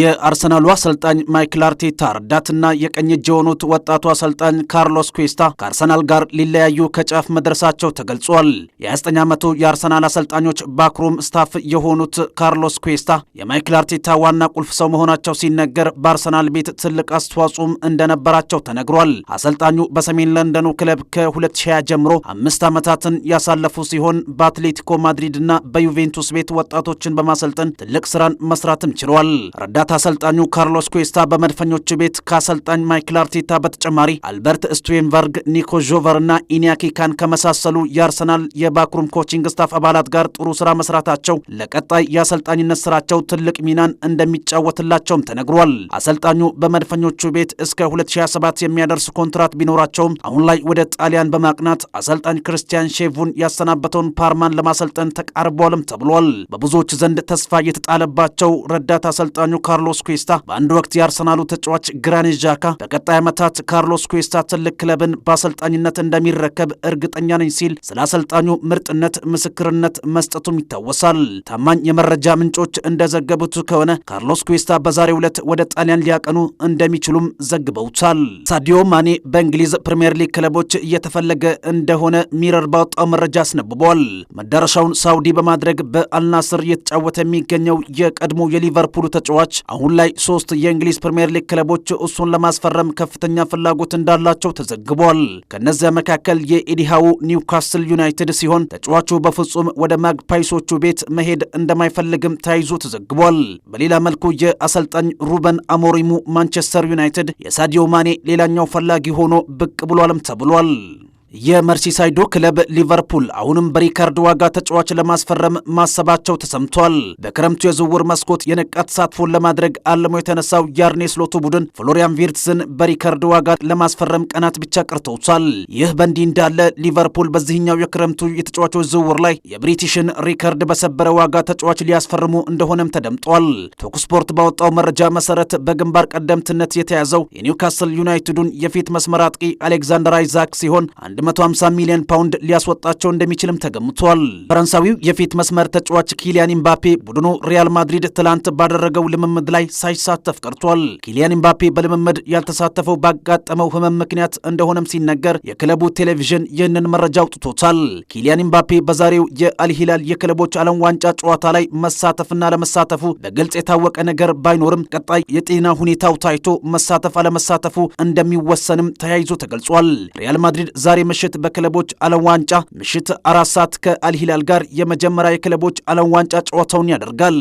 የአርሰናሉ አሰልጣኝ ማይክል አርቴታ ረዳትና የቀኝ እጅ የሆኑት ወጣቱ አሰልጣኝ ካርሎስ ኩዌስታ ከአርሰናል ጋር ሊለያዩ ከጫፍ መድረሳቸው ተገልጿል። የ29 ዓመቱ የአርሰናል አሰልጣኞች ባክሩም ስታፍ የሆኑት ካርሎስ ኩዌስታ የማይክል አርቴታ ዋና ቁልፍ ሰው መሆናቸው ሲነገር፣ በአርሰናል ቤት ትልቅ አስተዋጽኦም እንደነበራቸው ተነግሯል። አሰልጣኙ በሰሜን ለንደኑ ክለብ ከ2020 ጀምሮ አምስት ዓመታትን ያሳለፉ ሲሆን በአትሌቲኮ ማድሪድ እና በዩቬንቱስ ቤት ወጣቶችን በማሰልጠን ትልቅ ስራን መስራትም ችሏል። ረዳት አሰልጣኙ ካርሎስ ኩዌስታ በመድፈኞች ቤት ከአሰልጣኝ ማይክል አርቴታ በተጨማሪ አልበርት ስቱዌንቨርግ፣ ኒኮ ዦቨር እና ኢኒያኪ ካን ከመሳሰሉ የአርሰናል የባክሩም ኮችንግ ስታፍ አባላት ጋር ጥሩ ስራ መስራታቸው ለቀጣይ የአሰልጣኝነት ስራቸው ትልቅ ሚናን እንደሚጫወትላቸውም ተነግሯል። አሰልጣኙ በመድፈኞቹ ቤት እስከ 2027 የሚያደርስ ኮንትራት ቢኖራቸውም አሁን ላይ ወደ ጣሊያን በማቅናት አሰልጣኝ ክርስቲያን ሼቭን ያሰናበተውን ፓርማን ለማሰልጠን ተቃርቧልም ተብሏል። በብዙዎች ዘንድ ተስፋ የተጣለባቸው ረዳት አሰልጣኙ ካርሎስ ኩዌስታ በአንድ ወቅት የአርሰናሉ ተጫዋች ግራኒት ዣካ በቀጣይ ዓመታት ካርሎስ ኩዌስታ ትልቅ ክለብን በአሰልጣኝነት እንደሚረከብ እርግጠኛ ነኝ ሲል ስለ አሰልጣኙ ምርጥነት ምስክርነት መስጠቱም ይታወሳል። ታማኝ የመረጃ ምንጮች እንደዘገቡት ከሆነ ካርሎስ ኩዌስታ በዛሬው ዕለት ወደ ጣሊያን ሊያቀኑ እንደሚችሉም ዘግበውታል። ሳዲዮ ማኔ በእንግሊዝ ፕሪምየር ሊግ ክለቦች እየተፈለገ እንደሆነ ሚረር ባወጣው መረጃ አስነብቧል። መዳረሻውን ሳውዲ በማድረግ በአልናስር እየተጫወተ የሚገኘው የቀድሞ የሊቨርፑሉ ተጫዋች ተጫዋች። አሁን ላይ ሶስት የእንግሊዝ ፕሪምየር ሊግ ክለቦች እሱን ለማስፈረም ከፍተኛ ፍላጎት እንዳላቸው ተዘግቧል። ከነዚያ መካከል የኢዲሃው ኒውካስል ዩናይትድ ሲሆን ተጫዋቹ በፍጹም ወደ ማግፓይሶቹ ቤት መሄድ እንደማይፈልግም ተያይዞ ተዘግቧል። በሌላ መልኩ የአሰልጣኝ ሩበን አሞሪሙ ማንቸስተር ዩናይትድ የሳዲዮ ማኔ ሌላኛው ፈላጊ ሆኖ ብቅ ብሏልም ተብሏል። የመርሲሳይዶ ክለብ ሊቨርፑል አሁንም በሪካርድ ዋጋ ተጫዋች ለማስፈረም ማሰባቸው ተሰምቷል። በክረምቱ የዝውውር መስኮት የነቃ ተሳትፎን ለማድረግ አልሞ የተነሳው የአርኔ ስሎቱ ቡድን ፍሎሪያን ቪርትስን በሪካርድ ዋጋ ለማስፈረም ቀናት ብቻ ቀርተውታል። ይህ በእንዲህ እንዳለ ሊቨርፑል በዚህኛው የክረምቱ የተጫዋቾች ዝውውር ላይ የብሪቲሽን ሪካርድ በሰበረ ዋጋ ተጫዋች ሊያስፈርሙ እንደሆነም ተደምጧል። ቶክስፖርት ባወጣው መረጃ መሰረት በግንባር ቀደምትነት የተያዘው የኒውካስል ዩናይትዱን የፊት መስመር አጥቂ አሌክዛንደር አይዛክ ሲሆን 150 ሚሊዮን ፓውንድ ሊያስወጣቸው እንደሚችልም ተገምቷል። ፈረንሳዊው የፊት መስመር ተጫዋች ኪሊያን ኢምባፔ ቡድኑ ሪያል ማድሪድ ትላንት ባደረገው ልምምድ ላይ ሳይሳተፍ ቀርቷል። ኪሊያን ኢምባፔ በልምምድ ያልተሳተፈው ባጋጠመው ህመም ምክንያት እንደሆነም ሲነገር የክለቡ ቴሌቪዥን ይህንን መረጃ አውጥቶታል። ኪሊያን ኢምባፔ በዛሬው የአልሂላል የክለቦች ዓለም ዋንጫ ጨዋታ ላይ መሳተፍና ለመሳተፉ በግልጽ የታወቀ ነገር ባይኖርም ቀጣይ የጤና ሁኔታው ታይቶ መሳተፍ አለመሳተፉ እንደሚወሰንም ተያይዞ ተገልጿል። ሪያል ማድሪድ ዛሬ ምሽት በክለቦች ዓለም ዋንጫ ምሽት አራት ሰዓት ከአልሂላል ጋር የመጀመሪያ የክለቦች ዓለም ዋንጫ ጨዋታውን ያደርጋል።